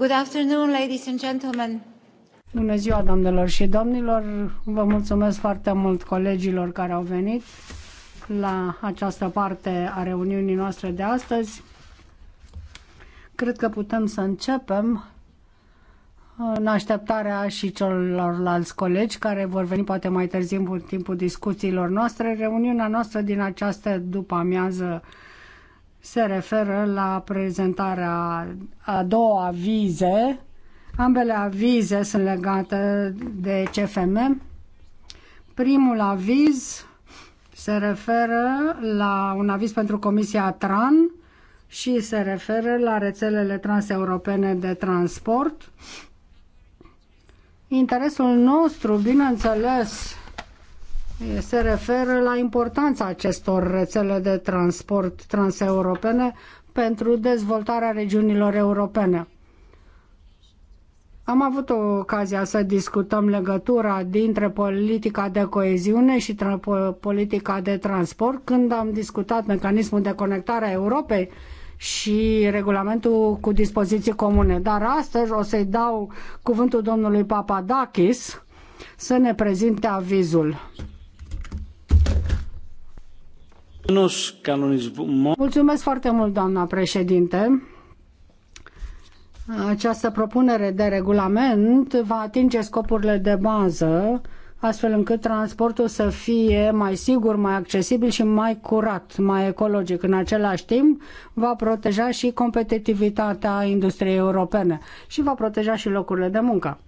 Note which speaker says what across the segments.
Speaker 1: Good afternoon, ladies and gentlemen. Bună ziua, doamnelor și domnilor. Vă mulțumesc foarte mult colegilor care au venit la această parte a reuniunii noastre de astăzi. Cred că putem să începem în așteptarea și celorlalți colegi care vor veni poate mai târziu în timpul discuțiilor noastre. Reuniunea noastră din această după amiază se referă la prezentarea a două vize. Ambele avize sunt legate de CFM. Primul aviz se referă la un aviz pentru Comisia TRAN și se referă la rețelele transeuropene de transport. Interesul nostru, bineînțeles, se referă la importanța acestor rețele de transport transeuropene pentru dezvoltarea regiunilor europene. Am avut o ocazia să discutăm legătura dintre politica de coeziune și politica de transport când am discutat mecanismul de conectare a Europei și regulamentul cu dispoziții comune. Dar astăzi o să-i dau cuvântul domnului Papadakis să ne prezinte avizul. Mulțumesc foarte mult, doamna președinte. Această propunere de regulament va atinge scopurile de bază, astfel încât transportul să fie mai sigur, mai accesibil și mai curat, mai ecologic. În același timp, va proteja și competitivitatea industriei europene și va proteja și locurile de muncă.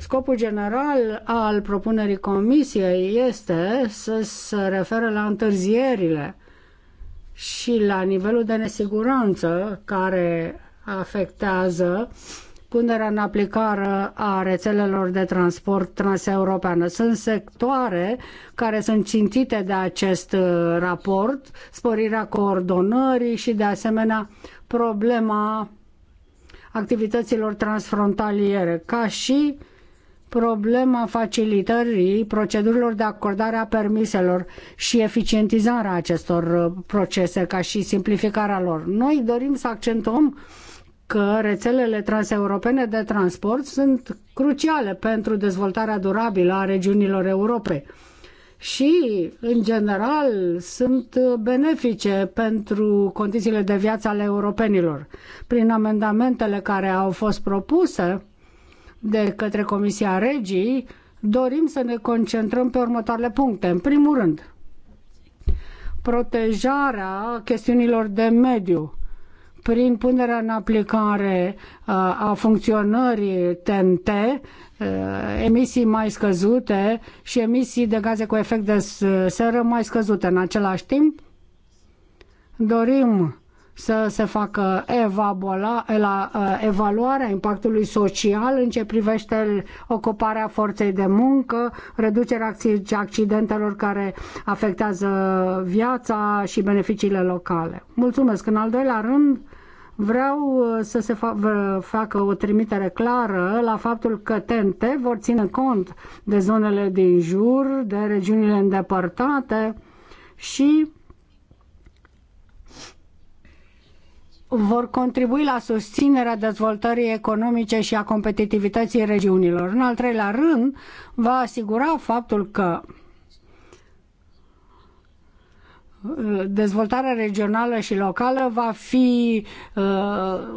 Speaker 1: Scopul general al propunerii comisiei este să se referă la întârzierile și la nivelul de nesiguranță care afectează punerea în aplicare a rețelelor de transport transeuropeană. Sunt sectoare care sunt cintite de acest uh, raport, sporirea coordonării și de asemenea problema activităților transfrontaliere, ca și problema facilitării procedurilor de acordare a permiselor și eficientizarea acestor uh, procese ca și simplificarea lor. Noi dorim să accentuăm că rețelele transeuropene de transport sunt cruciale pentru dezvoltarea durabilă a regiunilor Europei și, în general, sunt uh, benefice pentru condițiile de viață ale europenilor. Prin amendamentele care au fost propuse, de către Comisia Regii, dorim să ne concentrăm pe următoarele puncte. În primul rând, protejarea chestiunilor de mediu prin punerea în aplicare uh, a funcționării TNT, uh, emisii mai scăzute și emisii de gaze cu efect de seră mai scăzute. În același timp, dorim să se facă uh, evaluarea impactului social în ce privește ocuparea forței de muncă, reducerea accidentelor care afectează viața și beneficiile locale. Mulțumesc. În al doilea rând, vreau uh, să se facă o trimitere clară la faptul că TNT vor ține cont de zonele din jur, de regiunile îndepărtate și vor contribui la susținerea dezvoltării economice și a competitivității regiunilor. În al treilea rând, va asigura faptul că dezvoltarea regională și locală va fi uh,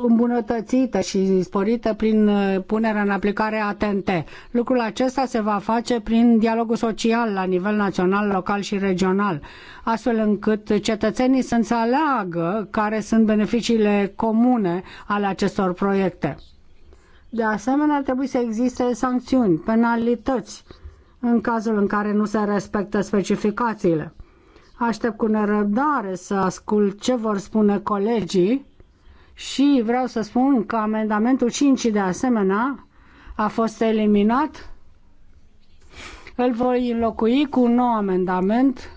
Speaker 1: îmbunătățită și sporită prin uh, punerea în aplicare a TNT. Lucrul acesta se va face prin dialogul social la nivel național, local și regional, astfel încât cetățenii să înțeleagă care sunt beneficiile comune ale acestor proiecte. De asemenea, ar trebui să existe sancțiuni, penalități, în cazul în care nu se respectă specificațiile Aștept cu nerăbdare să ascult ce vor spune colegii și vreau să spun că amendamentul 5 de asemenea a fost eliminat. Îl voi înlocui cu un nou amendament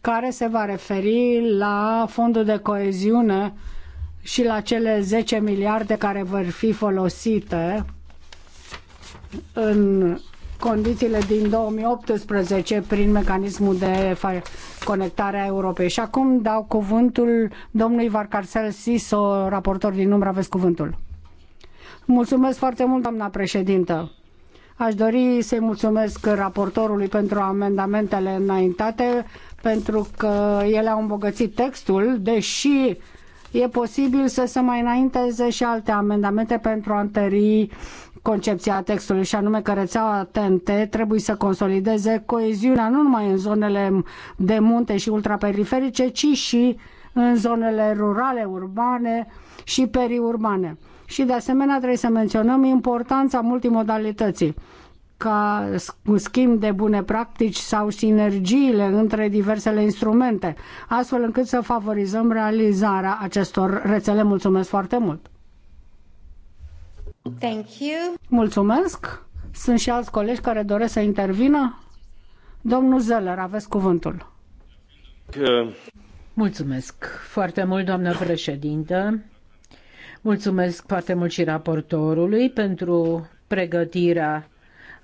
Speaker 1: care se va referi la fondul de coeziune și la cele 10 miliarde care vor fi folosite în condițiile din 2018 prin mecanismul de conectare a Europei. Și acum dau cuvântul domnului Varcarcel Siso, raportor din număr aveți cuvântul. Mulțumesc foarte mult, doamna președintă. Aș dori să-i mulțumesc raportorului pentru amendamentele înaintate, pentru că ele au îmbogățit textul, deși e posibil să se mai înainteze și alte amendamente pentru a întări concepția textului și anume că rețeaua TNT trebuie să consolideze coeziunea nu numai în zonele de munte și ultraperiferice, ci și în zonele rurale, urbane și periurbane. Și de asemenea trebuie să menționăm importanța multimodalității ca schimb de bune practici sau sinergiile între diversele instrumente, astfel încât să favorizăm realizarea acestor rețele. Mulțumesc foarte mult!
Speaker 2: Thank you.
Speaker 1: Mulțumesc. Sunt și alți colegi care doresc să
Speaker 3: intervină. Domnul Zeller, aveți cuvântul. Mulțumesc foarte mult, doamnă președintă. Mulțumesc foarte mult și raportorului pentru pregătirea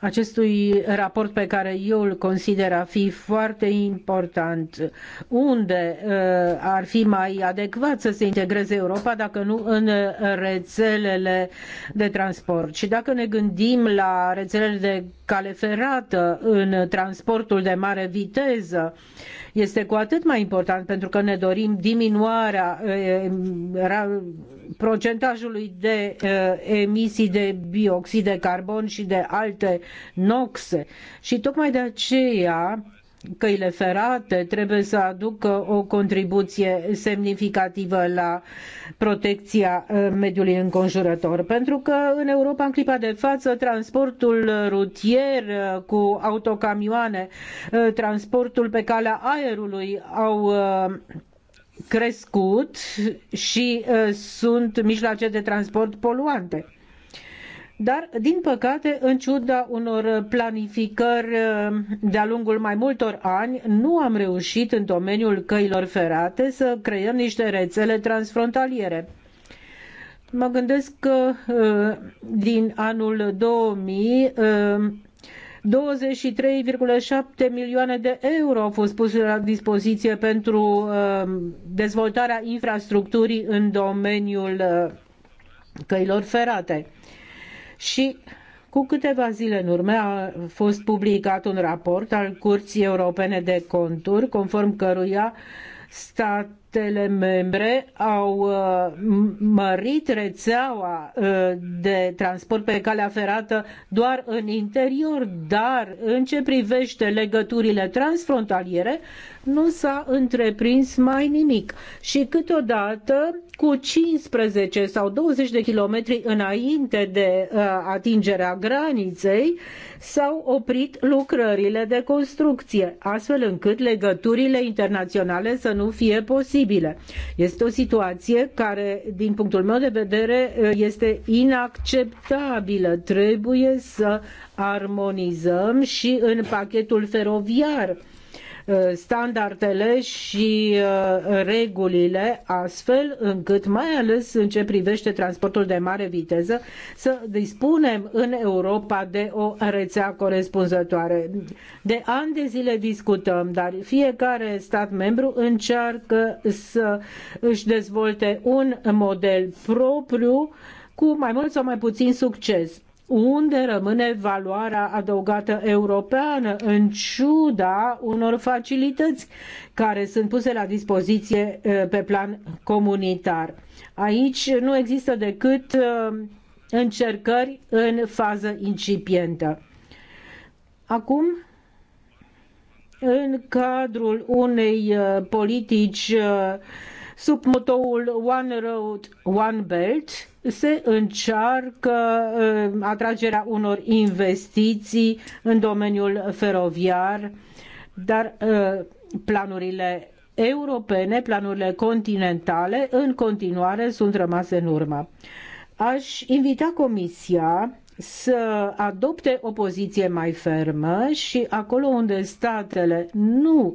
Speaker 3: acestui raport pe care eu îl consider a fi foarte important. Unde uh, ar fi mai adecvat să se integreze Europa dacă nu în uh, rețelele de transport? Și dacă ne gândim la rețelele de cale ferată, în transportul de mare viteză, este cu atât mai important pentru că ne dorim diminuarea eh, procentajului de eh, emisii de bioxid de carbon și de alte noxe. Și tocmai de aceea căile ferate trebuie să aducă o contribuție semnificativă la protecția uh, mediului înconjurător. Pentru că în Europa, în clipa de față, transportul rutier uh, cu autocamioane, uh, transportul pe calea aerului au crescut și sunt mijloace de transport poluante. Dar, din păcate, în ciuda unor planificări uh, de-a lungul mai multor ani, nu am reușit în domeniul căilor ferate să creăm niște rețele transfrontaliere. Mă gândesc că uh, din anul 2000 23,7 uh, milioane de euro au fost puse la dispoziție pentru dezvoltarea infrastructurii în domeniul căilor ferate și cu câteva zile în urmă a fost publicat un raport al Curții Europene de Conturi, conform căruia statele membre au uh, mărit rețeaua uh, de transport pe calea ferată doar în interior, dar în ce privește legăturile transfrontaliere, nu s-a întreprins mai nimic. Și câteodată cu 15 sau 20 de kilometri înainte de uh, atingerea graniței s-au oprit lucrările de construcție, astfel încât legăturile internaționale să nu fie posibile. Este o situație care, din punctul meu de vedere, uh, este inacceptabilă. Trebuie să armonizăm și în pachetul feroviar Uh, standardele și uh, regulile astfel încât, mai ales în ce privește transportul de mare viteză, să dispunem în Europa de o rețea corespunzătoare. De ani de zile discutăm, dar fiecare stat membru încearcă să își dezvolte un model propriu cu mai mult sau mai puțin succes unde rămâne valoarea adăugată europeană în ciuda unor facilități care sunt puse la dispoziție eh, pe plan comunitar. Aici nu există decât eh, încercări în fază incipientă. Acum, în cadrul unei eh, politici sub motoul One Road, One Belt, se încearcă uh, atragerea unor investiții în domeniul feroviar, dar uh, planurile europene, planurile continentale, în continuare sunt rămase în urmă. Aș invita Comisia să adopte o poziție mai fermă și acolo unde statele nu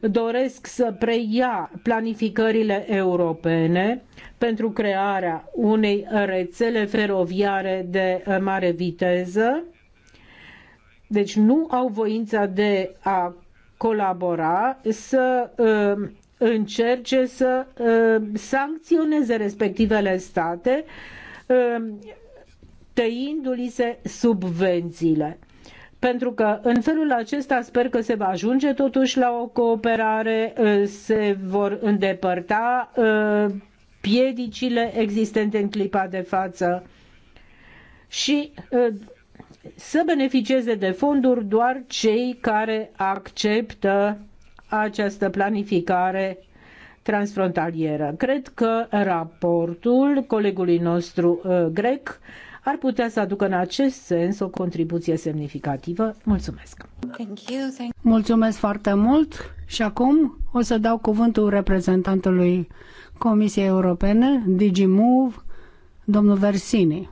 Speaker 3: doresc să preia planificările europene pentru crearea unei rețele feroviare de mare viteză, deci nu au voința de a colabora, să uh, încerce să uh, sancționeze respectivele state uh, tăindu-li se subvențiile pentru că în felul acesta sper că se va ajunge totuși la o cooperare, uh, se vor îndepărta uh, piedicile existente în clipa de față și uh, să beneficieze de fonduri doar cei care acceptă această planificare transfrontalieră. Cred că raportul colegului nostru grec ar putea să aducă în acest sens o contribuție semnificativă. Mulțumesc!
Speaker 1: Thank you, thank
Speaker 3: Mulțumesc foarte mult și acum o să dau cuvântul
Speaker 1: reprezentantului Comisiei Europene, DigiMove, domnul Versini.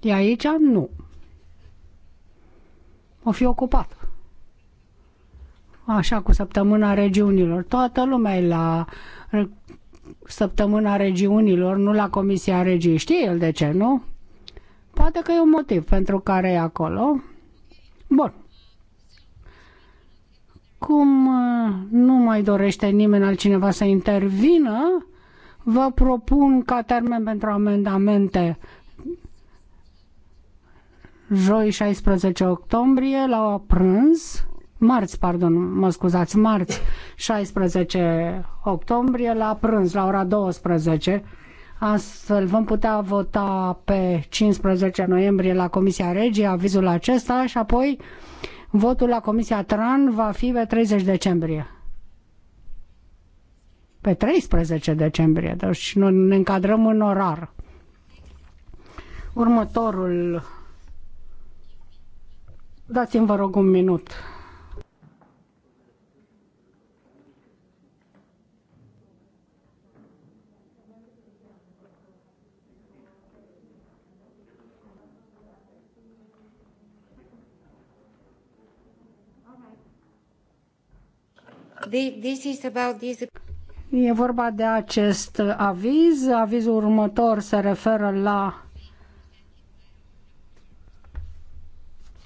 Speaker 1: E aici? Nu. O fi ocupat. Așa, cu săptămâna regiunilor. Toată lumea e la săptămâna regiunilor, nu la Comisia Regiei. Știe el de ce, nu? Poate că e un motiv pentru care e acolo. Bun. Cum uh, nu mai dorește nimeni altcineva să intervină, vă propun ca termen pentru amendamente joi 16 octombrie la prânz, marți, pardon, mă scuzați, marți 16 octombrie la prânz, la ora 12 Astfel vom putea vota pe 15 noiembrie la Comisia Regie avizul acesta și apoi votul la Comisia TRAN va fi pe 30 decembrie. Pe 13 decembrie, deci nu ne încadrăm în orar. Următorul Dați-mi, vă rog, un minut. This is about this... E vorba de acest aviz. Avizul următor se referă la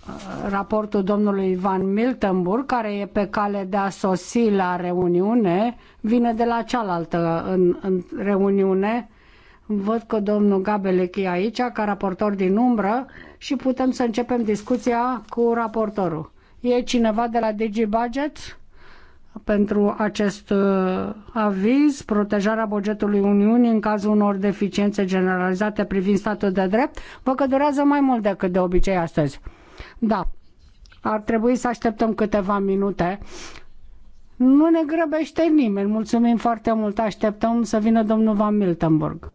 Speaker 1: uh, raportul domnului Ivan Miltenburg, care e pe cale de a sosi la reuniune, vine de la cealaltă în, în reuniune. Văd că domnul Gabelec e aici, ca raportor din umbră, și putem să începem discuția cu raportorul. E cineva de la DigiBudget? Budget? pentru acest uh, aviz, protejarea bugetului Uniunii în cazul unor deficiențe generalizate privind statul de drept. Vă că durează mai mult decât de obicei astăzi. Da, ar trebui să așteptăm câteva minute. Nu ne grăbește nimeni. Mulțumim foarte mult. Așteptăm să vină domnul Van Miltenburg.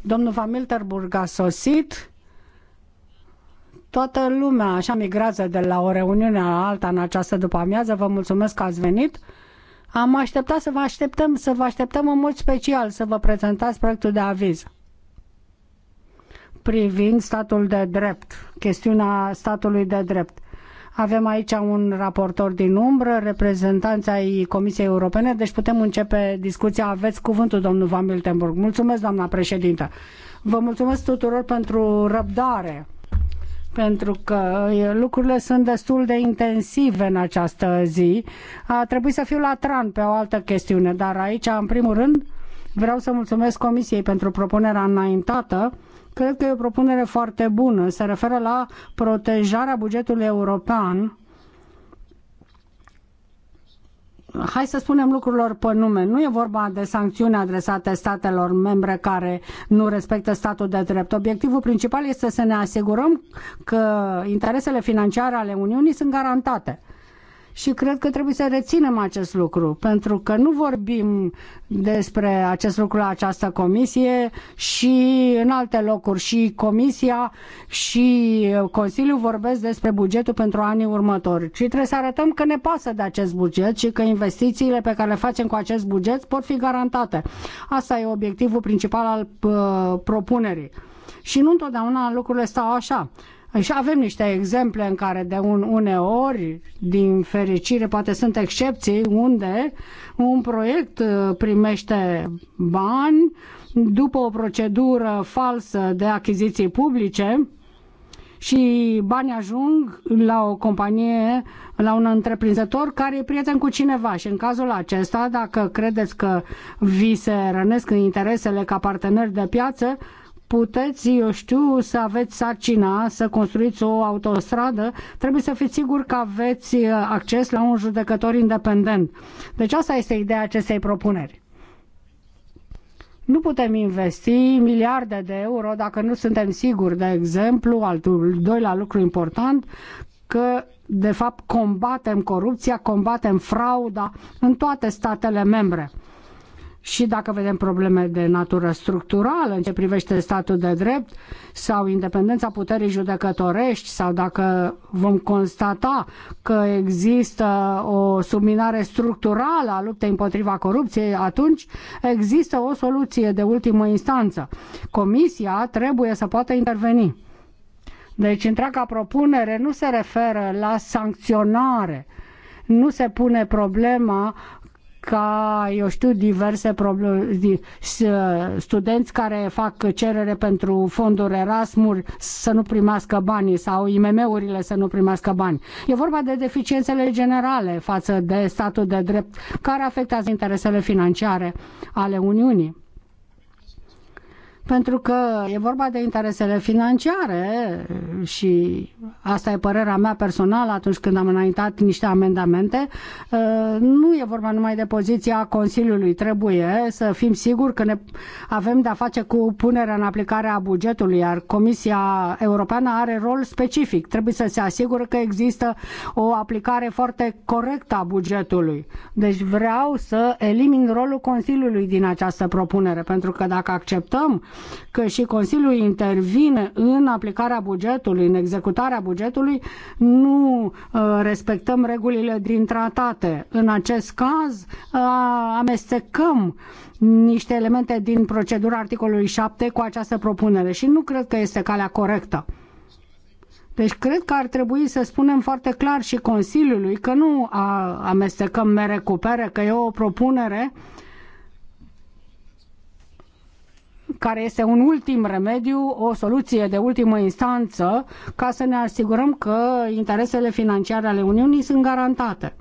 Speaker 1: Domnul Van Milterburg a sosit. Toată lumea așa migrează de la o reuniune la alta în această după-amiază. Vă mulțumesc că ați venit. Am așteptat să vă așteptăm, să vă așteptăm în mod special să vă prezentați proiectul de aviz privind statul de drept, chestiunea statului de drept. Avem aici un raportor din umbră, reprezentanța ai Comisiei Europene, deci putem începe discuția. Aveți cuvântul, domnul Van Miltenburg. Mulțumesc, doamna președintă. Vă mulțumesc tuturor pentru răbdare pentru că lucrurile sunt destul de intensive în această zi. A trebuit să fiu la tran pe o altă chestiune, dar aici, în primul rând, vreau să mulțumesc Comisiei pentru propunerea înaintată Cred că e o propunere foarte bună. Se referă la protejarea bugetului european hai să spunem lucrurilor pe nume. Nu e vorba de sancțiuni adresate statelor membre care nu respectă statul de drept. Obiectivul principal este să ne asigurăm că interesele financiare ale Uniunii sunt garantate și cred că trebuie să reținem acest lucru, pentru că nu vorbim despre acest lucru la această comisie și în alte locuri și comisia și Consiliul vorbesc despre bugetul pentru anii următori. Și trebuie să arătăm că ne pasă de acest buget și că investițiile pe care le facem cu acest buget pot fi garantate. Asta e obiectivul principal al uh, propunerii. Și nu întotdeauna lucrurile stau așa. Și avem niște exemple în care de un, uneori, din fericire, poate sunt excepții, unde un proiect uh, primește bani după o procedură falsă de achiziții publice și banii ajung la o companie, la un întreprinzător care e prieten cu cineva și în cazul acesta, dacă credeți că vi se rănesc interesele ca parteneri de piață, puteți, eu știu, să aveți sarcina, să construiți o autostradă, trebuie să fiți siguri că aveți uh, acces la un judecător independent. Deci asta este ideea acestei propuneri. Nu putem investi miliarde de euro dacă nu suntem siguri, de exemplu, al doilea lucru important, că de fapt combatem corupția, combatem frauda în toate statele membre și dacă vedem probleme de natură structurală în ce privește statul de drept sau independența puterii judecătorești sau dacă vom constata că există o subminare structurală a luptei împotriva corupției, atunci există o soluție de ultimă instanță. Comisia trebuie să poată interveni. Deci întreaga propunere nu se referă la sancționare, nu se pune problema ca, eu știu, diverse probleme, studenți care fac cerere pentru fonduri Erasmus să nu primească bani sau IMM-urile să nu primească bani. E vorba de deficiențele generale față de statul de drept care afectează interesele financiare ale Uniunii pentru că e vorba de interesele financiare și asta e părerea mea personală atunci când am înaintat niște amendamente. Uh, nu e vorba numai de poziția Consiliului. Trebuie să fim siguri că ne avem de-a face cu punerea în aplicare a bugetului, iar Comisia Europeană are rol specific. Trebuie să se asigure că există o aplicare foarte corectă a bugetului. Deci vreau să elimin rolul Consiliului din această propunere, pentru că dacă acceptăm că și Consiliul intervine în aplicarea bugetului, în executarea bugetului, nu uh, respectăm regulile din tratate. În acest caz uh, amestecăm niște elemente din procedura articolului 7 cu această propunere și nu cred că este calea corectă. Deci cred că ar trebui să spunem foarte clar și Consiliului că nu amestecăm mere cu pere, că e o propunere uh, care este un ultim remediu, o soluție de ultimă instanță, ca să ne asigurăm că interesele financiare ale Uniunii sunt garantate.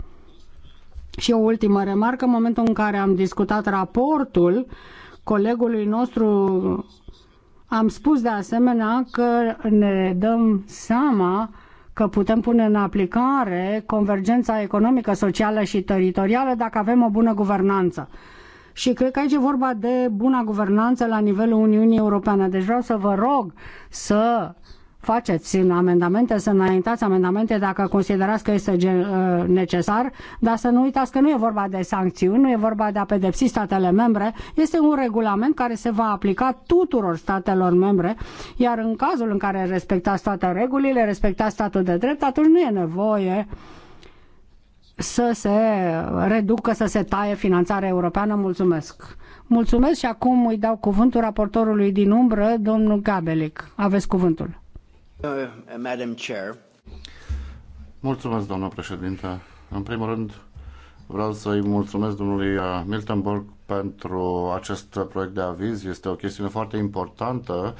Speaker 1: Și o ultimă remarcă, în momentul în care am discutat raportul colegului nostru, am spus de asemenea că ne dăm seama că putem pune în aplicare convergența economică, socială și teritorială dacă avem o bună guvernanță. Și cred că aici e vorba de buna guvernanță la nivelul Uniunii Europene. Deci vreau să vă rog să faceți în amendamente, să înaintați amendamente dacă considerați că este uh, necesar, dar să nu uitați că nu e vorba de sancțiuni, nu e vorba de a pedepsi statele membre, este un regulament care se va aplica tuturor statelor membre, iar în cazul în care respectați toate regulile, respectați statul de drept, atunci nu e nevoie uh, să se reducă, să se taie finanțarea europeană. Mulțumesc! Mulțumesc și acum îi dau cuvântul raportorului din umbră, domnul Gabelic. Aveți cuvântul.
Speaker 4: Madam Chair. Mulțumesc, doamnă președinte. În primul rând, vreau să-i mulțumesc domnului uh, Miltenburg pentru acest proiect de aviz. Este o chestiune foarte importantă.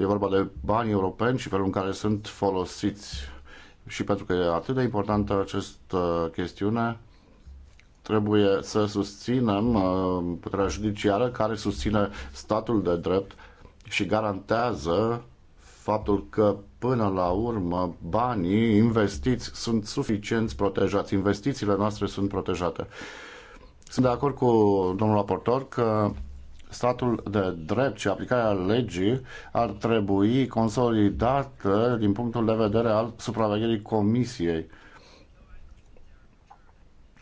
Speaker 4: E vorba de bani europeni și felul în care sunt folosiți și pentru că e atât de importantă această chestiune, trebuie să susținem uh, puterea judiciară care susține statul de drept și garantează faptul că până la urmă banii investiți sunt suficienți protejați, investițiile noastre sunt protejate. Sunt de acord cu domnul raportor că statul de drept și aplicarea legii ar trebui consolidată din punctul de vedere al supravegherii comisiei.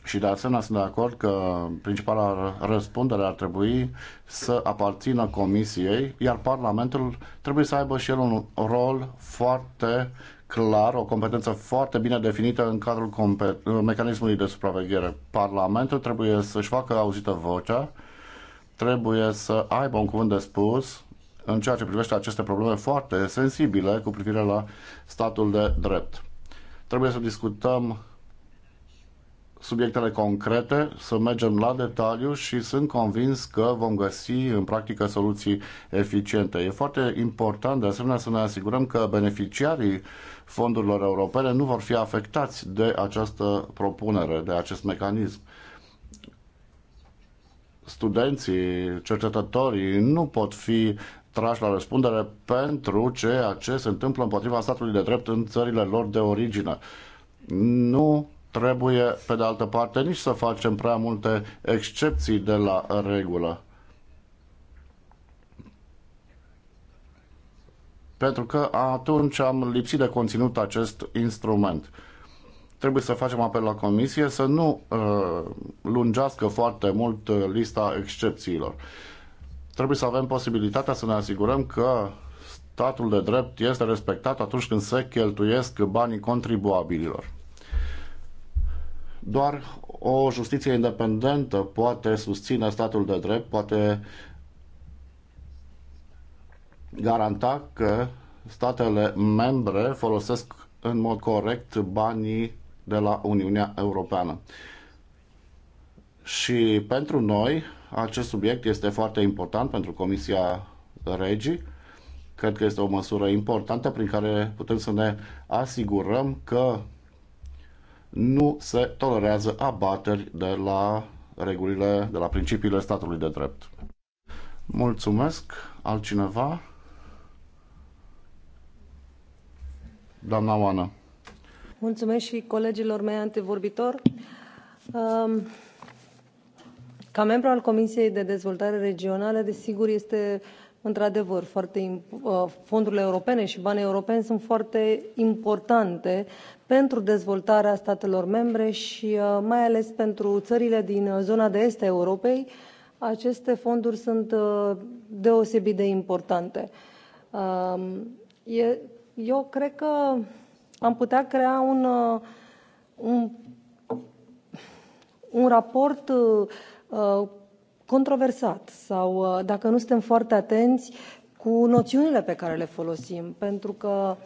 Speaker 4: Și de asemenea sunt de acord că principala răspundere ar trebui să aparțină comisiei, iar Parlamentul trebuie să aibă și el un rol foarte clar, o competență foarte bine definită în cadrul mecanismului de supraveghere. Parlamentul trebuie să-și facă auzită vocea trebuie să aibă un cuvânt de spus în ceea ce privește aceste probleme foarte sensibile cu privire la statul de drept. Trebuie să discutăm subiectele concrete, să mergem la detaliu și sunt convins că vom găsi în practică soluții eficiente. E foarte important de asemenea să ne asigurăm că beneficiarii fondurilor europene nu vor fi afectați de această propunere, de acest mecanism studenții, cercetătorii nu pot fi trași la răspundere pentru ceea ce se întâmplă împotriva statului de drept în țările lor de origine. Nu trebuie, pe de altă parte, nici să facem prea multe excepții de la regulă. Pentru că atunci am lipsit de conținut acest instrument trebuie să facem apel la Comisie să nu uh, lungească foarte mult uh, lista excepțiilor. Trebuie să avem posibilitatea să ne asigurăm că statul de drept este respectat atunci când se cheltuiesc banii contribuabililor. Doar o justiție independentă poate susține statul de drept, poate garanta că statele membre folosesc în mod corect banii de la Uniunea Europeană. Și pentru noi acest subiect este foarte important pentru Comisia Regii. Cred că este o măsură importantă prin care putem să ne asigurăm că nu se tolerează abateri de la regulile, de la principiile statului de drept. Mulțumesc. Altcineva? Doamna Oana.
Speaker 2: Mulțumesc și colegilor mei antevorbitori. Um, ca membru al Comisiei de Dezvoltare Regională, desigur, este într-adevăr foarte uh, fondurile europene și banii europeni sunt foarte importante pentru dezvoltarea statelor membre și uh, mai ales pentru țările din uh, zona de est a Europei. Aceste fonduri sunt deosebit de importante. Um, eu cred că am putea crea un, uh, un, un raport uh, uh controversat sau, uh, dacă nu suntem foarte atenți, cu noțiunile pe care le folosim, pentru că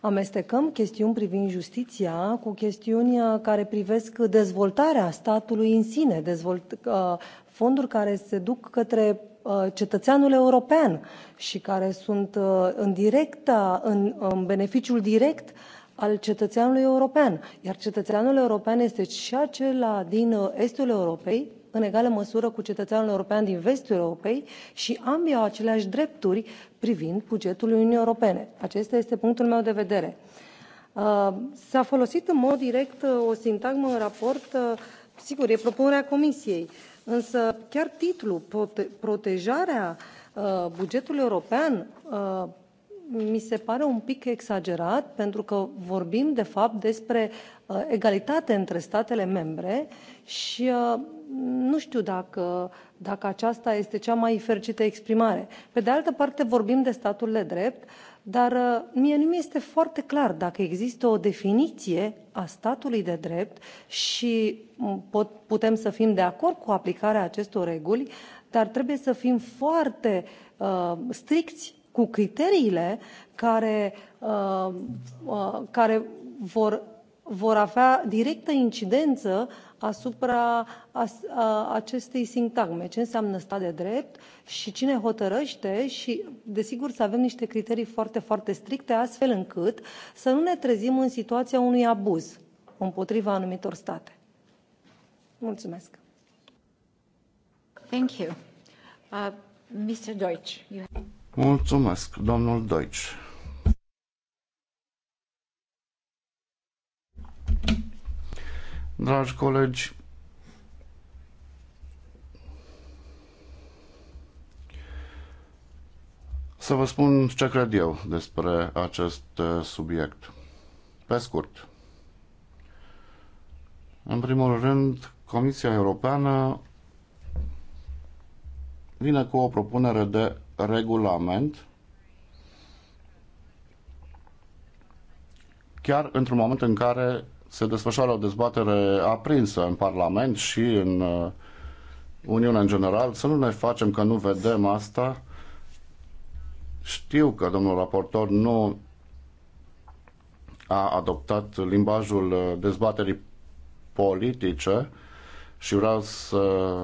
Speaker 2: amestecăm chestiuni privind justiția cu chestiuni care privesc dezvoltarea statului în sine, dezvolt, uh, fonduri care se duc către cetățeanul european și care sunt în, directa, în, în beneficiul direct al cetățeanului european iar cetățeanul european este și acela din uh, estul europei în egală măsură cu cetățeanul european din vestul europei și ambii au aceleași drepturi privind bugetul Uniunii Europene. Acesta este punctul meu de vedere. Uh, s-a folosit în mod direct uh, o sintagmă în raport, sigur, e propunerea Comisiei, însă chiar titlul, protejarea bugetului european mi se pare un pic exagerat, pentru că vorbim, de fapt, despre uh, egalitate între statele membre și uh, nu știu dacă, dacă aceasta este cea mai fericită exprimare. Pe de altă parte, vorbim de statul de drept, dar uh, mie nu mi este foarte clar dacă există o definiție a statului de drept și mm, pot, putem să fim de acord cu aplicarea acestor reguli, dar trebuie să fim foarte uh, stricți cu criteriile care, uh, uh, care vor, vor avea directă incidență asupra as, uh, acestei sintagme. Ce înseamnă stat de drept și cine hotărăște și, desigur, să avem niște criterii foarte, foarte stricte, astfel încât să nu ne trezim în situația unui abuz împotriva anumitor state. Mulțumesc. Thank you. Uh, Mr. Deutsch, you have...
Speaker 4: Mulțumesc, domnul Deutsch. Dragi colegi, să vă spun ce cred eu despre acest uh, subiect. Pe scurt, în primul rând, Comisia Europeană vine cu o propunere de regulament chiar într-un moment în care se desfășoară o dezbatere aprinsă în Parlament și în uh, Uniunea în general, să nu ne facem că nu vedem asta. Știu că domnul raportor nu a adoptat limbajul uh, dezbaterii politice și vreau să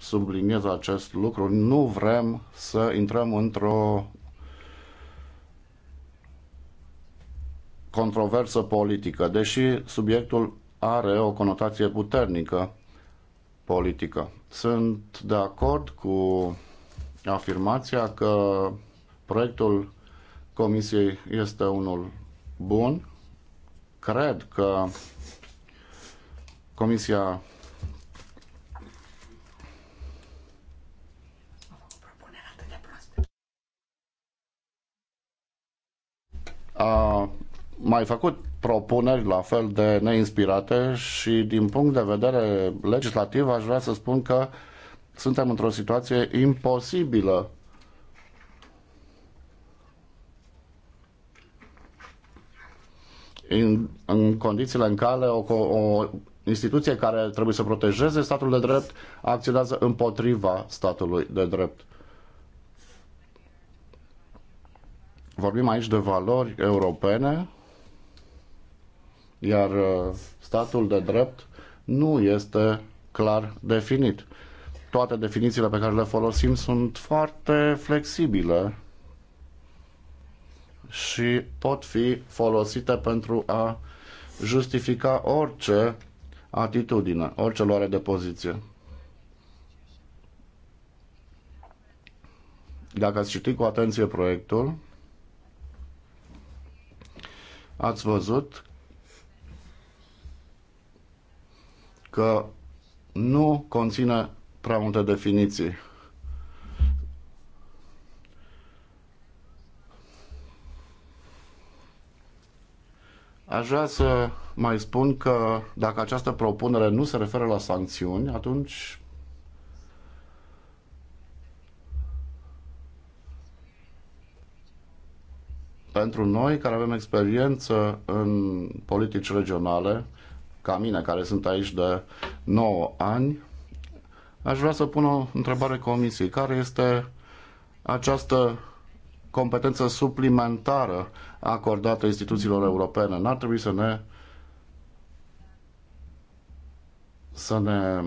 Speaker 4: subliniez acest lucru, nu vrem să intrăm într-o controversă politică, deși subiectul are o conotație puternică politică. Sunt de acord cu afirmația că proiectul Comisiei este unul bun. Cred că Comisia a mai făcut propuneri la fel de neinspirate și din punct de vedere legislativ aș vrea să spun că suntem într-o situație imposibilă în, în condițiile în care o, o instituție care trebuie să protejeze statul de drept acționează împotriva statului de drept. Vorbim aici de valori europene, iar uh, statul de drept nu este clar definit. Toate definițiile pe care le folosim sunt foarte flexibile și pot fi folosite pentru a justifica orice atitudine, orice luare de poziție. Dacă ați citit cu atenție proiectul, ați văzut că nu conține prea multe definiții. Aș vrea să mai spun că dacă această propunere nu se referă la sancțiuni, atunci Pentru noi care avem experiență în politici regionale, ca mine care sunt aici de 9 ani, aș vrea să pun o întrebare comisiei. Care este această competență suplimentară acordată instituțiilor europene? N-ar trebui să ne să ne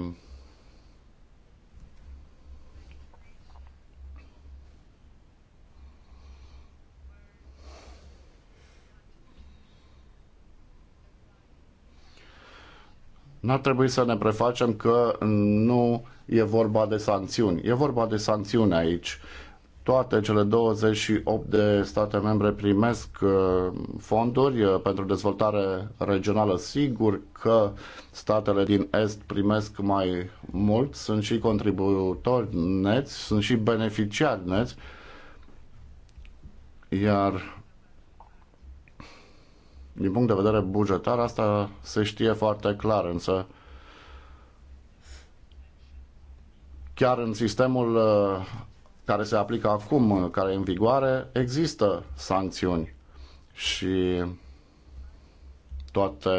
Speaker 4: N-ar trebui să ne prefacem că nu e vorba de sancțiuni. E vorba de sancțiuni aici. Toate cele 28 de state membre primesc uh, fonduri uh, pentru dezvoltare regională. Sigur că statele din Est primesc mai mult, sunt și contributori neți, sunt și beneficiari neți, iar din punct de vedere bugetar, asta se știe foarte clar, însă chiar în sistemul uh, care se aplică acum, uh, care e în vigoare, există sancțiuni și toate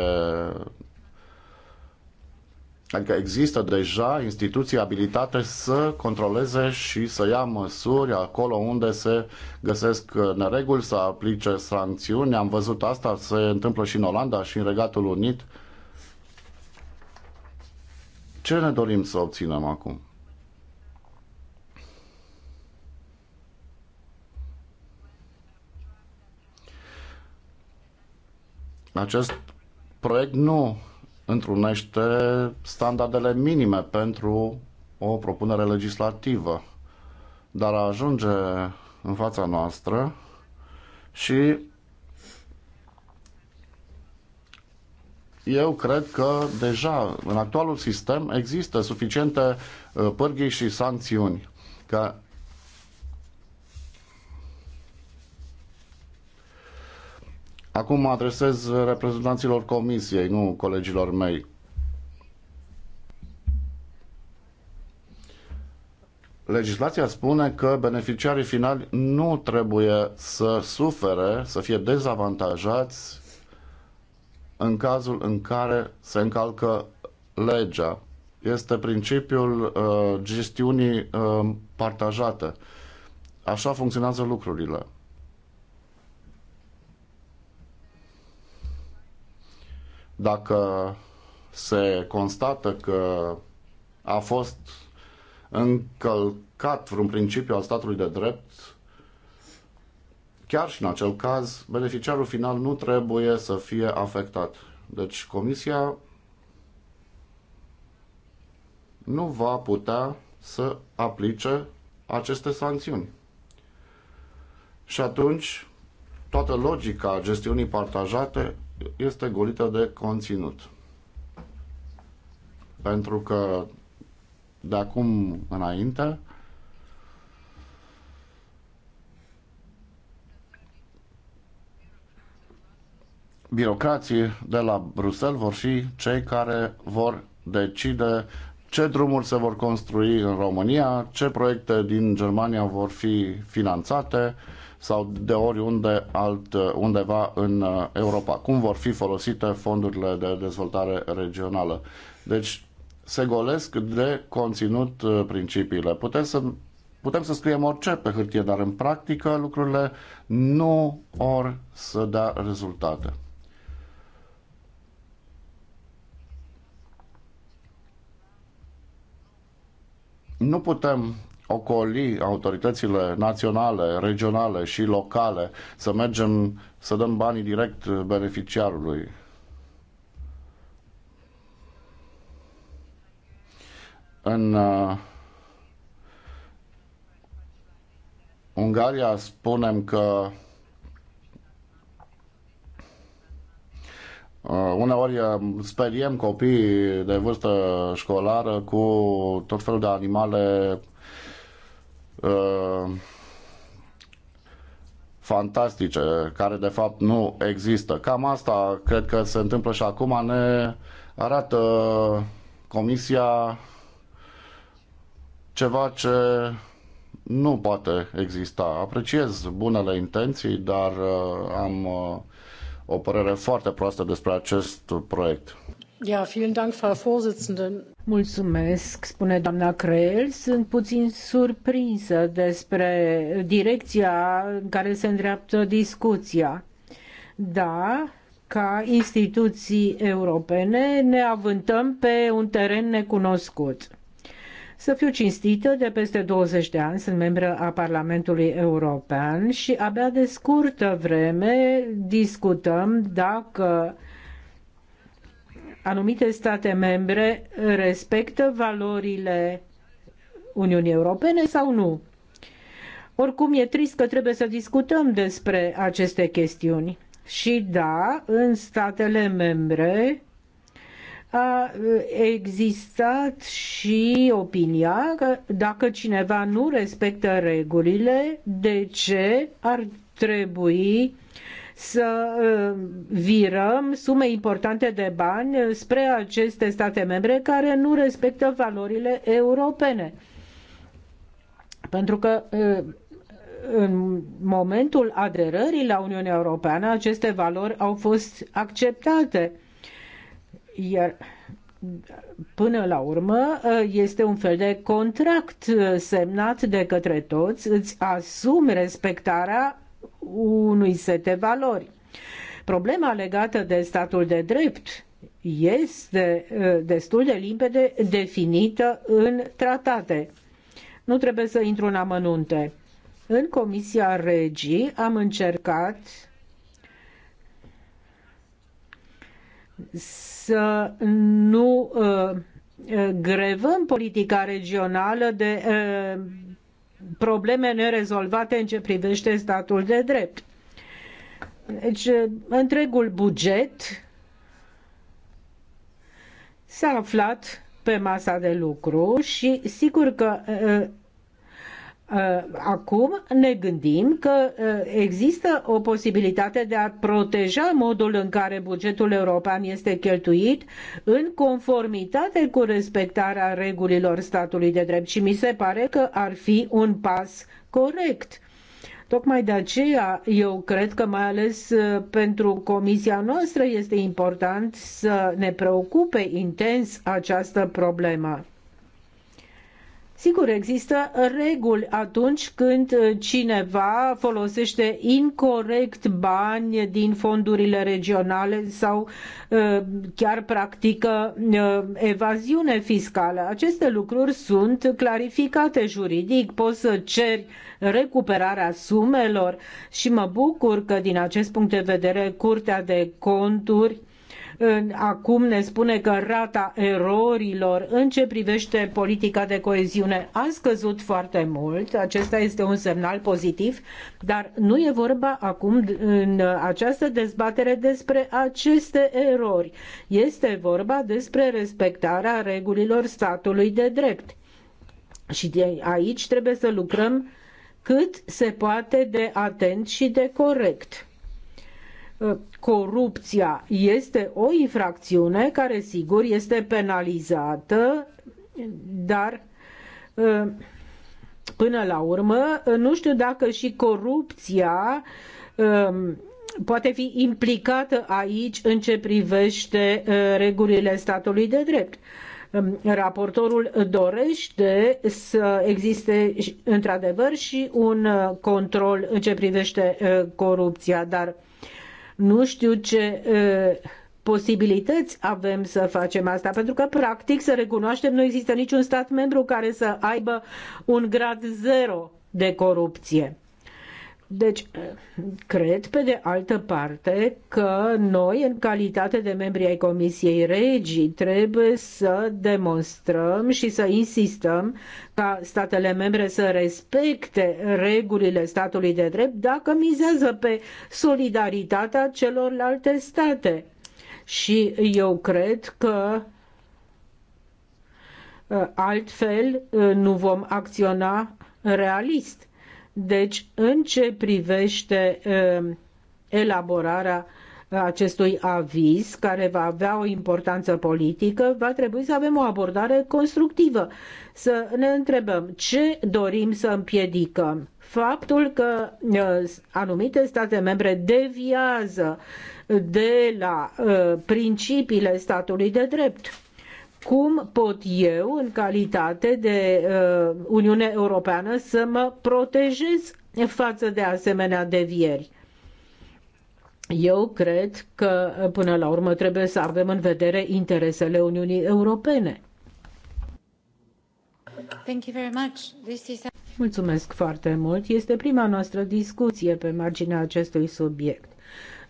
Speaker 4: Adică există deja instituții abilitate să controleze și să ia măsuri acolo unde se găsesc nereguli, să aplice sancțiuni. Am văzut asta, se întâmplă și în Olanda și în Regatul Unit. Ce ne dorim să obținem acum? Acest proiect nu întrunește standardele minime pentru o propunere legislativă, dar ajunge în fața noastră și eu cred că deja în actualul sistem există suficiente uh, pârghii și sancțiuni că Acum mă adresez reprezentanților comisiei, nu colegilor mei. Legislația spune că beneficiarii finali nu trebuie să sufere, să fie dezavantajați în cazul în care se încalcă legea. Este principiul uh, gestiunii uh, partajate. Așa funcționează lucrurile. Dacă se constată că a fost încălcat vreun principiu al statului de drept, chiar și în acel caz, beneficiarul final nu trebuie să fie afectat. Deci comisia nu va putea să aplice aceste sancțiuni. Și atunci, toată logica gestiunii partajate este golită de conținut. Pentru că de acum înainte birocrații de la Bruxelles vor fi cei care vor decide ce drumuri se vor construi în România, ce proiecte din Germania vor fi finanțate, sau de oriunde alt, undeva în uh, Europa. Cum vor fi folosite fondurile de dezvoltare regională? Deci se golesc de conținut uh, principiile. Putem să, putem să scriem orice pe hârtie, dar în practică lucrurile nu or să dea rezultate. Nu putem ocoli autoritățile naționale, regionale și locale, să mergem să dăm banii direct beneficiarului. În uh, Ungaria spunem că Uh, uneori uh, speriem copiii de vârstă școlară cu tot felul de animale Uh, fantastice, care de fapt nu există. Cam asta cred că se întâmplă și acum ne arată Comisia ceva ce nu poate exista. Apreciez bunele intenții, dar uh, am uh, o părere foarte proastă despre acest proiect.
Speaker 3: Ja, vielen Dank, Frau Vorsitzende. Mulțumesc, spune doamna Creel. Sunt puțin surprinsă despre direcția în care se îndreaptă discuția. Da, ca instituții europene ne avântăm pe un teren necunoscut. Să fiu cinstită, de peste 20 de ani sunt membră a Parlamentului European și abia de scurtă vreme discutăm dacă anumite state membre respectă valorile Uniunii Europene sau nu. Oricum e trist că trebuie să discutăm despre aceste chestiuni. Și da, în statele membre a existat și opinia că dacă cineva nu respectă regulile, de ce ar trebui să uh, virăm sume importante de bani spre aceste state membre care nu respectă valorile europene. Pentru că uh, în momentul aderării la Uniunea Europeană aceste valori au fost acceptate. Iar până la urmă uh, este un fel de contract semnat de către toți, îți asumi respectarea unui set de valori. Problema legată de statul de drept este destul de limpede definită în tratate. Nu trebuie să intru în amănunte. În Comisia Regii am încercat să nu uh, grevăm politica regională de uh, probleme nerezolvate în ce privește statul de drept. Deci, uh, întregul buget s-a aflat pe masa de lucru și sigur că uh, Uh, acum ne gândim că uh, există o posibilitate de a proteja modul în care bugetul european este cheltuit în conformitate cu respectarea regulilor statului de drept și mi se pare că ar fi un pas corect. Tocmai de aceea eu cred că mai ales uh, pentru comisia noastră este important să ne preocupe intens această problemă. Sigur, există reguli atunci când cineva folosește incorrect bani din fondurile regionale sau uh, chiar practică uh, evaziune fiscală. Aceste lucruri sunt clarificate juridic, poți să ceri recuperarea sumelor și mă bucur că din acest punct de vedere Curtea de Conturi acum ne spune că rata erorilor în ce privește politica de coeziune a scăzut foarte mult. Acesta este un semnal pozitiv, dar nu e vorba acum în această dezbatere despre aceste erori. Este vorba despre respectarea regulilor statului de drept. Și de aici trebuie să lucrăm cât se poate de atent și de corect. Ă, corupția este o infracțiune care sigur este penalizată, dar ă, până la urmă nu știu dacă și corupția ă, poate fi implicată aici în ce privește regulile statului de drept raportorul dorește să existe într-adevăr și un control în ce privește corupția, dar nu știu ce posibilități avem să facem asta, pentru că, practic, să recunoaștem, nu există niciun stat membru care să aibă un grad zero de corupție. Deci, cred pe de altă parte că noi, în calitate de membri ai Comisiei Regii, trebuie să demonstrăm și să insistăm ca statele membre să respecte regulile statului de drept dacă mizează pe solidaritatea celorlalte state. Și eu cred că uh, altfel uh, nu vom acționa realist deci, în ce privește um, elaborarea acestui aviz, care va avea o importanță politică, va trebui să avem o abordare constructivă. Să ne întrebăm ce dorim să împiedicăm. Faptul că uh, anumite state membre deviază de la uh, principiile statului de drept cum pot eu, în calitate de uh, Uniune Europeană, să mă protejez față de asemenea devieri. Eu cred că, până la urmă, trebuie să avem în vedere interesele Uniunii Europene.
Speaker 1: Thank you very much. This is...
Speaker 3: Mulțumesc foarte mult. Este prima noastră discuție pe marginea acestui subiect.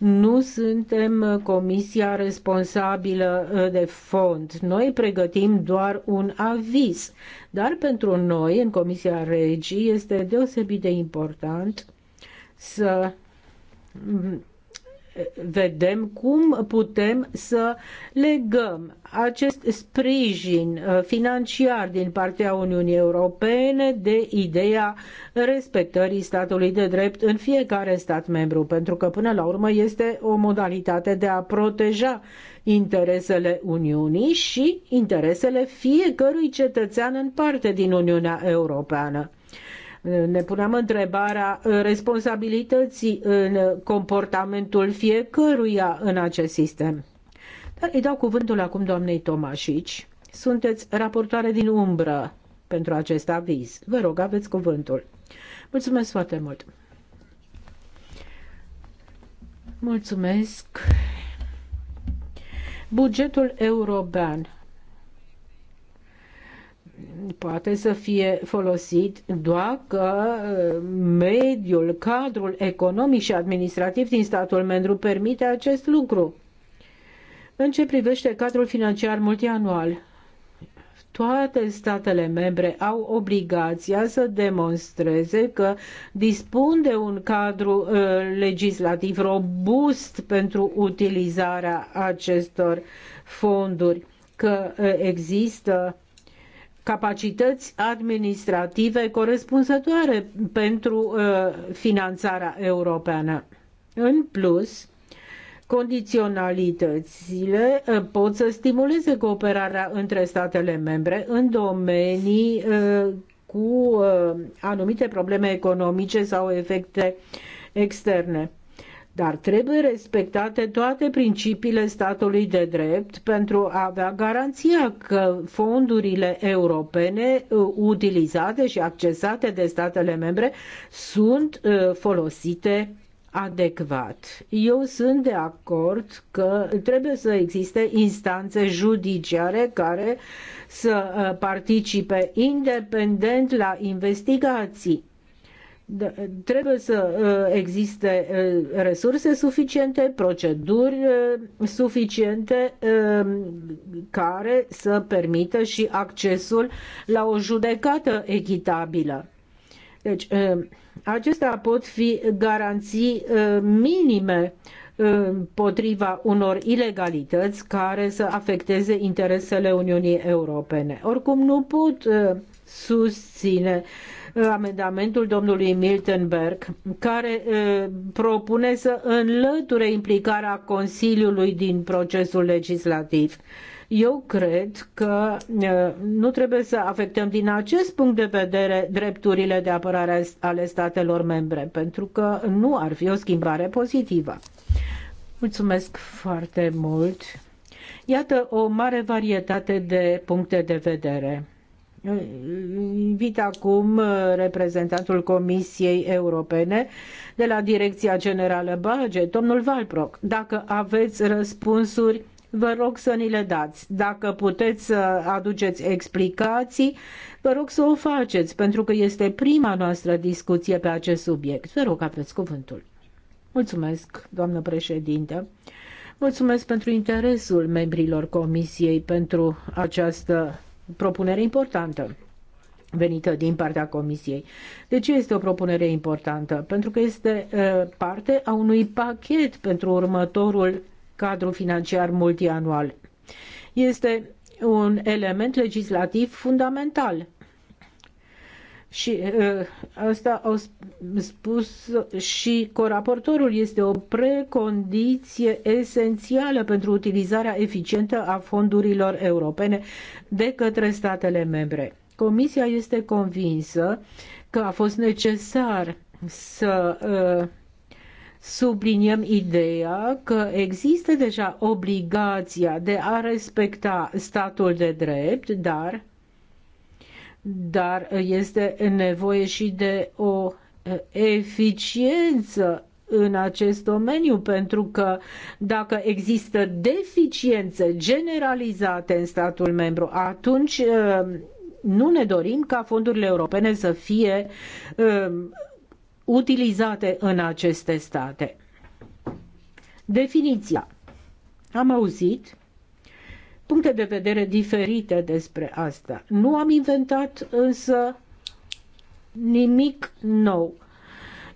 Speaker 3: Nu suntem uh, comisia responsabilă uh, de fond. Noi pregătim doar un aviz. Dar pentru noi, în Comisia Regii, este deosebit de important să vedem cum putem să legăm acest sprijin uh, financiar din partea Uniunii Europene de ideea respectării statului de drept în fiecare stat membru, pentru că până la urmă este o modalitate de a proteja interesele Uniunii și interesele fiecărui cetățean în parte din Uniunea Europeană ne puneam întrebarea uh, responsabilității în comportamentul fiecăruia în acest sistem. Dar îi dau cuvântul acum doamnei Tomașici. Sunteți raportoare din umbră pentru acest aviz. Vă rog, aveți cuvântul. Mulțumesc foarte mult. Mulțumesc. Bugetul european poate să fie folosit doar că uh, mediul, cadrul economic și administrativ din statul membru permite acest lucru. În ce privește cadrul financiar multianual, toate statele membre au obligația să demonstreze că dispun de un cadru uh, legislativ robust pentru utilizarea acestor fonduri, că uh, există capacități administrative corespunzătoare pentru uh, finanțarea europeană. În plus, condiționalitățile uh, pot să stimuleze cooperarea între statele membre în domenii uh, cu uh, anumite probleme economice sau efecte externe dar trebuie respectate toate principiile statului de drept pentru a avea garanția că fondurile europene uh, utilizate și accesate de statele membre sunt uh, folosite adecvat. Eu sunt de acord că trebuie să existe instanțe judiciare care să uh, participe independent la investigații da, trebuie să uh, existe uh, resurse suficiente, proceduri uh, suficiente care să permită și accesul la o judecată echitabilă. Deci, acestea pot fi garanții minime potriva unor ilegalități care să afecteze interesele Uniunii Europene. Oricum, nu pot susține uh, Uh, amendamentul domnului Miltenberg, care uh, propune să înlăture implicarea Consiliului din procesul legislativ. Eu cred că uh, nu trebuie să afectăm din acest punct de vedere drepturile de apărare ale statelor membre, pentru că nu ar fi o schimbare pozitivă. Mulțumesc foarte mult! Iată o mare varietate de puncte de vedere. Invit acum uh, reprezentantul Comisiei Europene de la Direcția Generală Budget, domnul Valproc. Dacă aveți răspunsuri, vă rog să ni le dați. Dacă puteți să aduceți explicații, vă rog să o faceți, pentru că este prima noastră discuție pe acest subiect. Vă rog, aveți cuvântul. Mulțumesc, doamnă Președinte. Mulțumesc pentru interesul membrilor Comisiei pentru această propunere importantă venită din partea Comisiei. De ce este o propunere importantă? Pentru că este uh, parte a unui pachet pentru următorul cadru financiar multianual. Este un element legislativ fundamental și uh, asta au spus și coraportorul, este o precondiție esențială pentru utilizarea eficientă a fondurilor europene de către statele membre. Comisia este convinsă că a fost necesar să uh, subliniem ideea că există deja obligația de a respecta statul de drept, dar dar este nevoie și de o eficiență în acest domeniu, pentru că dacă există deficiențe generalizate în statul membru, atunci nu ne dorim ca fondurile europene să fie utilizate în aceste state. Definiția. Am auzit puncte de vedere diferite despre asta. Nu am inventat însă nimic nou.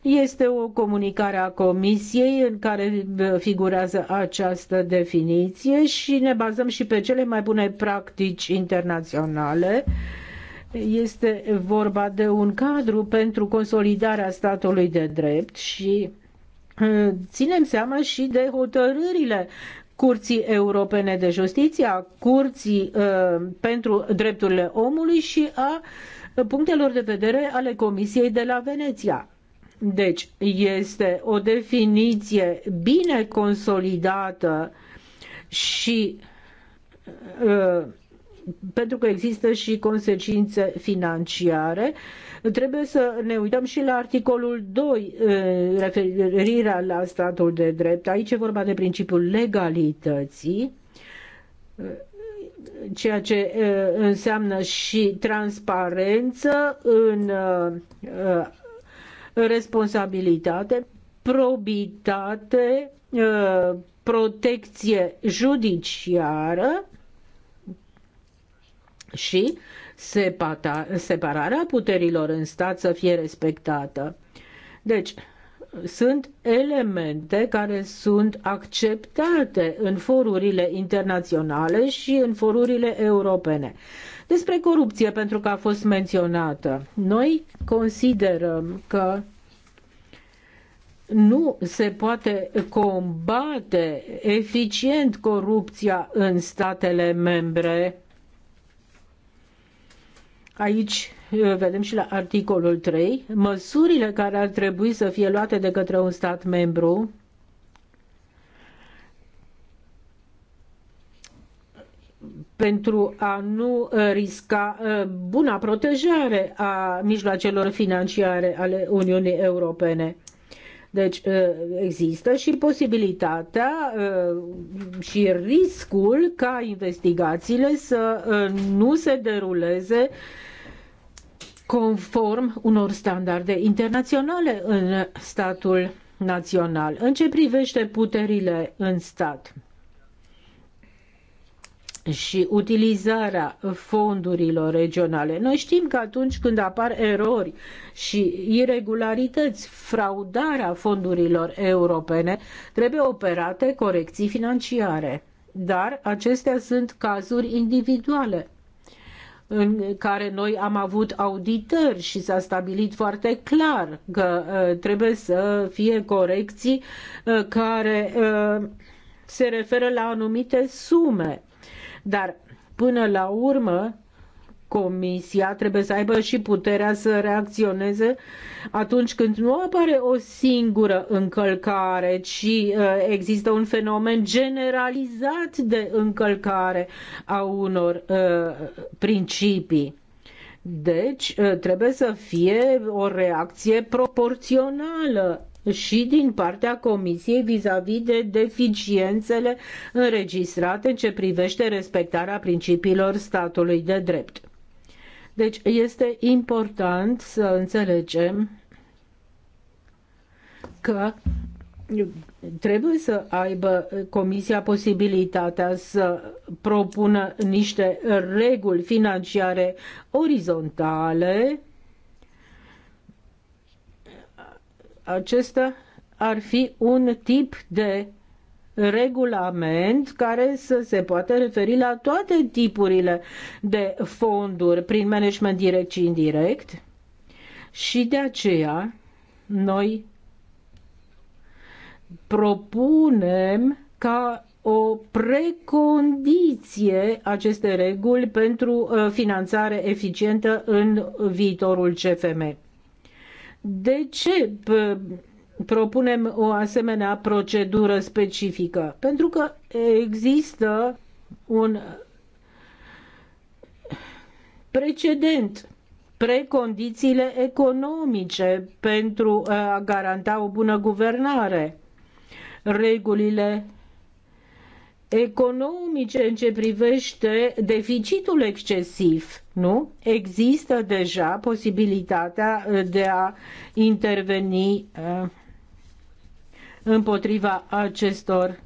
Speaker 3: Este o comunicare a Comisiei în care figurează această definiție și ne bazăm și pe cele mai bune practici internaționale. Este vorba de un cadru pentru consolidarea statului de drept și ă, ținem seama și de hotărârile Curții Europene de Justiție, a Curții uh, pentru Drepturile Omului și a punctelor de vedere ale Comisiei de la Veneția. Deci, este o definiție bine consolidată și uh, pentru că există și consecințe financiare. Trebuie să ne uităm și la articolul 2, eh, referirea la statul de drept. Aici e vorba de principiul legalității eh, ceea ce eh, înseamnă și transparență în responsabilitate, probitate, protecție judiciară și separarea puterilor în stat să fie respectată. Deci, sunt elemente care sunt acceptate în forurile internaționale și în forurile europene. Despre corupție, pentru că a fost menționată, noi considerăm că nu se poate combate eficient corupția în statele membre Aici eh, vedem și la articolul 3 măsurile care ar trebui să fie luate de către un stat membru pentru a nu eh, risca eh, buna protejare a mijloacelor financiare ale Uniunii Europene. Deci există și posibilitatea și riscul ca investigațiile să nu se deruleze conform unor standarde internaționale în statul național. În ce privește puterile în stat și utilizarea fondurilor regionale. Noi știm că atunci când apar erori și irregularități, fraudarea fondurilor europene, trebuie operate corecții financiare. Dar acestea sunt cazuri individuale în care noi am avut auditări și s-a stabilit foarte clar că uh, trebuie să fie corecții uh, care uh, se referă la anumite sume. Dar până la urmă Comisia trebuie să aibă și puterea să reacționeze atunci când nu apare o singură încălcare, ci uh, există un fenomen generalizat de încălcare a unor uh, principii. Deci uh, trebuie să fie o reacție proporțională și din partea Comisiei vis-a-vis -vis de deficiențele înregistrate în ce privește respectarea principiilor statului de drept. Deci este important să înțelegem că trebuie să aibă Comisia posibilitatea să propună niște reguli financiare orizontale. Acesta ar fi un tip de regulament care să se poată referi la toate tipurile de fonduri prin management direct și indirect și de aceea noi propunem ca o precondiție aceste reguli pentru uh, finanțare eficientă în viitorul CFM. De ce propunem o asemenea procedură specifică? Pentru că există un precedent precondițiile economice pentru a garanta o bună guvernare. Regulile economice în ce privește deficitul excesiv, nu? Există deja posibilitatea de a interveni uh, împotriva acestor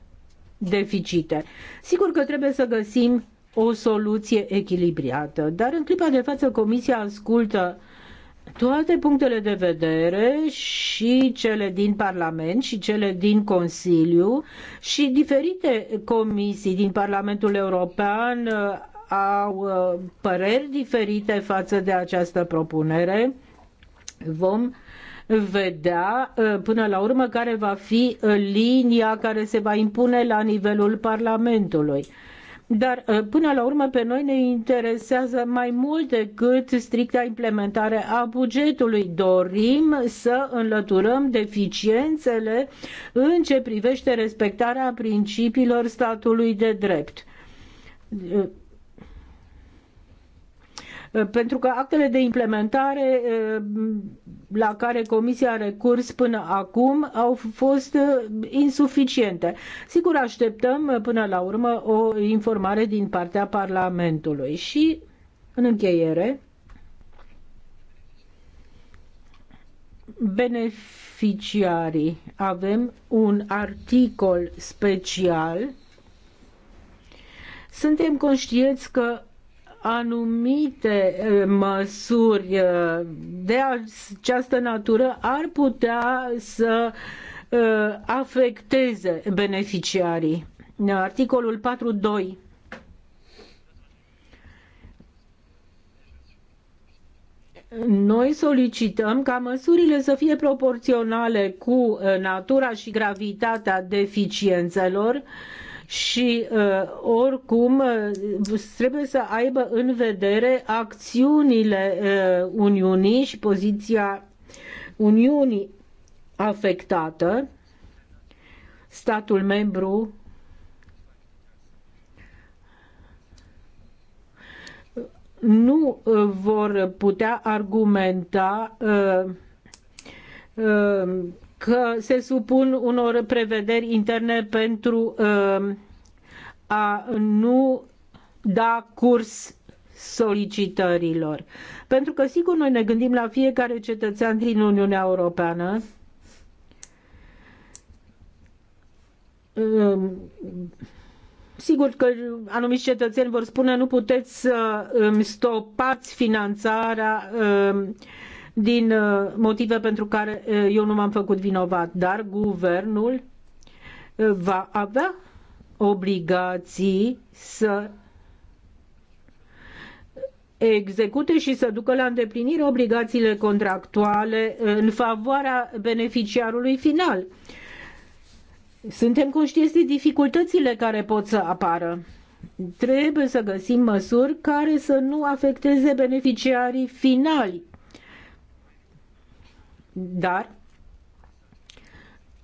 Speaker 3: deficite. Sigur că trebuie să găsim o soluție echilibrată, dar în clipa de față Comisia ascultă toate punctele de vedere și cele din Parlament și cele din Consiliu și diferite comisii din Parlamentul European uh, au uh, păreri diferite față de această propunere. Vom vedea uh, până la urmă care va fi uh, linia care se va impune la nivelul Parlamentului. Dar uh, până la urmă pe noi ne interesează mai mult decât stricta implementare a bugetului. Dorim să înlăturăm deficiențele în ce privește respectarea principiilor statului de drept Uh, pentru că actele de implementare uh, la care Comisia a recurs până acum au fost uh, insuficiente. Sigur, așteptăm până la urmă o informare din partea Parlamentului și, în încheiere, beneficiarii. Avem un articol special. Suntem conștienți că anumite eh, măsuri eh, de această natură ar putea să eh, afecteze beneficiarii. Articolul 4.2 Noi solicităm ca măsurile să fie proporționale cu natura și gravitatea deficiențelor uh, și uh, oricum uh, trebuie să aibă în vedere acțiunile uh, Uniunii și poziția Uniunii afectată, statul membru nu vor putea argumenta uh, uh, că se supun unor prevederi interne pentru um, a nu da curs solicitărilor. Pentru că, sigur, noi ne gândim la fiecare cetățean din Uniunea Europeană um, Sigur că anumiți cetățeni vor spune nu puteți să îmi um, stopați finanțarea din uh, motive pentru care uh, eu nu m-am făcut vinovat, dar guvernul uh, va avea obligații să execute și să ducă la îndeplinire obligațiile contractuale în favoarea beneficiarului final. Suntem conștienți de dificultățile care pot să apară. Trebuie să găsim măsuri care să nu afecteze beneficiarii finali dar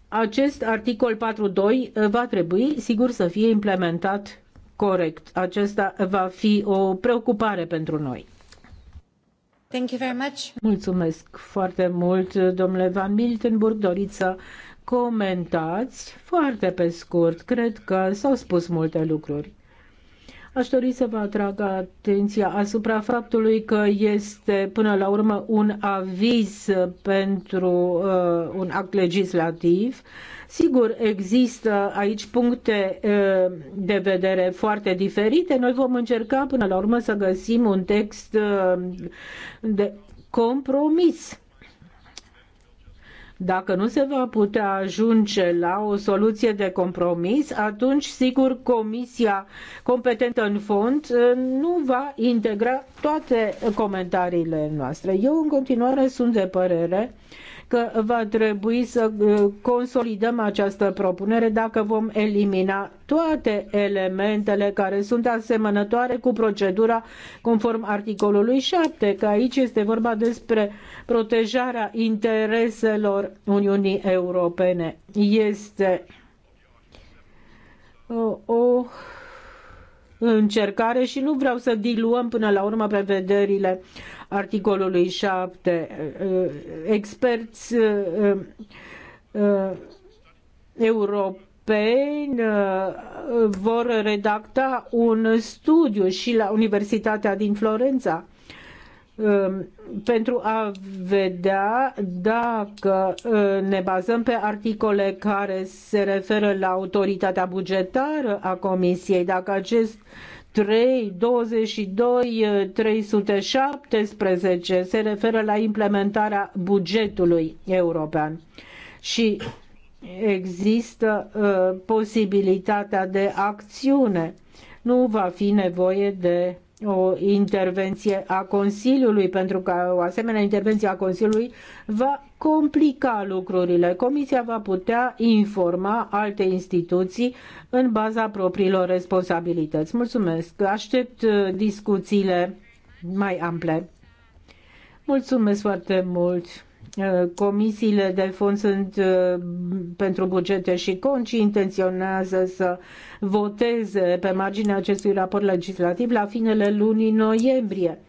Speaker 3: acest articol 4.2 uh, va trebui, sigur, să fie implementat corect. Aceasta va fi o preocupare pentru noi. Thank you very much. Mulțumesc foarte mult, domnule Van Miltenburg. Doriți să comentați foarte pe scurt. Cred că s-au spus multe lucruri. Aș dori să vă atrag atenția asupra faptului că este până la urmă un aviz pentru uh, un act legislativ. Sigur, există aici puncte uh, de vedere foarte diferite. Noi vom încerca până la urmă să găsim un text uh, de compromis dacă nu se va putea ajunge la o soluție de compromis, atunci, sigur, comisia competentă în fond eh, nu va integra toate comentariile noastre. Eu, în continuare, sunt de părere că va trebui să uh, consolidăm această propunere dacă vom elimina toate elementele care sunt asemănătoare cu procedura conform articolului 7, că aici este vorba despre protejarea intereselor Uniunii Europene. Este uh, o încercare și nu vreau să diluăm până la urmă prevederile articolului 7. Uh, experți uh, uh, europeni vor redacta un studiu și la Universitatea din Florența um, pentru a vedea dacă ne bazăm pe articole care se referă la autoritatea bugetară a Comisiei, dacă acest uh, 3, 22, 317 se referă la implementarea bugetului european. Și există uh, posibilitatea de acțiune. Nu va fi nevoie de o intervenție a Consiliului, pentru că o asemenea intervenție a Consiliului va complica lucrurile. Comisia va putea informa alte instituții în baza propriilor responsabilități. Mulțumesc! Aștept uh, discuțiile mai ample. Mulțumesc foarte mult! Uh, comisiile de fond sunt uh, pentru bugete și conci intenționează să voteze pe marginea acestui raport legislativ la finele lunii noiembrie.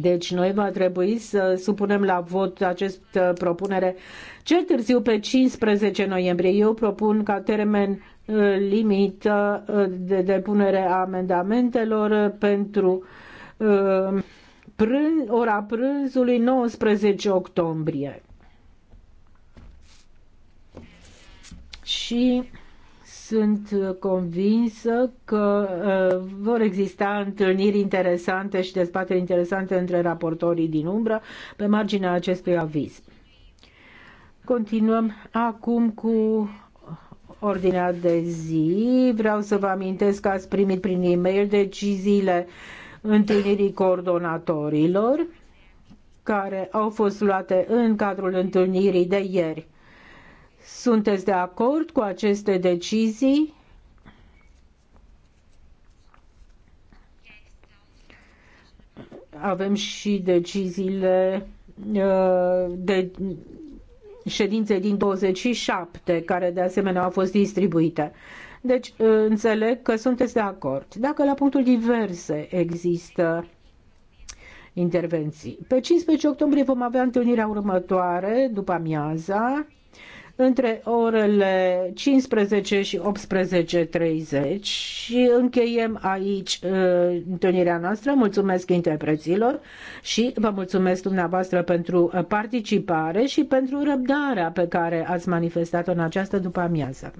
Speaker 3: Deci noi va trebui să supunem la vot această propunere cel târziu pe 15 noiembrie. Eu propun ca termen uh, limită de depunere a amendamentelor pentru uh, prânz, ora prânzului 19 octombrie. Și sunt convinsă că uh, vor exista întâlniri interesante și dezbateri interesante între raportorii din umbră pe marginea acestui aviz. Continuăm acum cu ordinea de zi. Vreau să vă amintesc că ați primit prin e-mail deciziile uh, întâlnirii coordonatorilor care au fost luate în cadrul întâlnirii de ieri. Sunteți de acord cu aceste decizii? Avem și deciziile uh, de ședințe din 27, care de asemenea au fost distribuite. Deci uh, înțeleg că sunteți de acord. Dacă la punctul diverse există intervenții. Pe 15 octombrie vom avea întâlnirea următoare, după amiaza, între orele 15 și 18.30 și încheiem aici uh, întâlnirea noastră. Mulțumesc interpreților și vă mulțumesc dumneavoastră pentru uh, participare și pentru răbdarea pe care ați manifestat-o în această după amiază.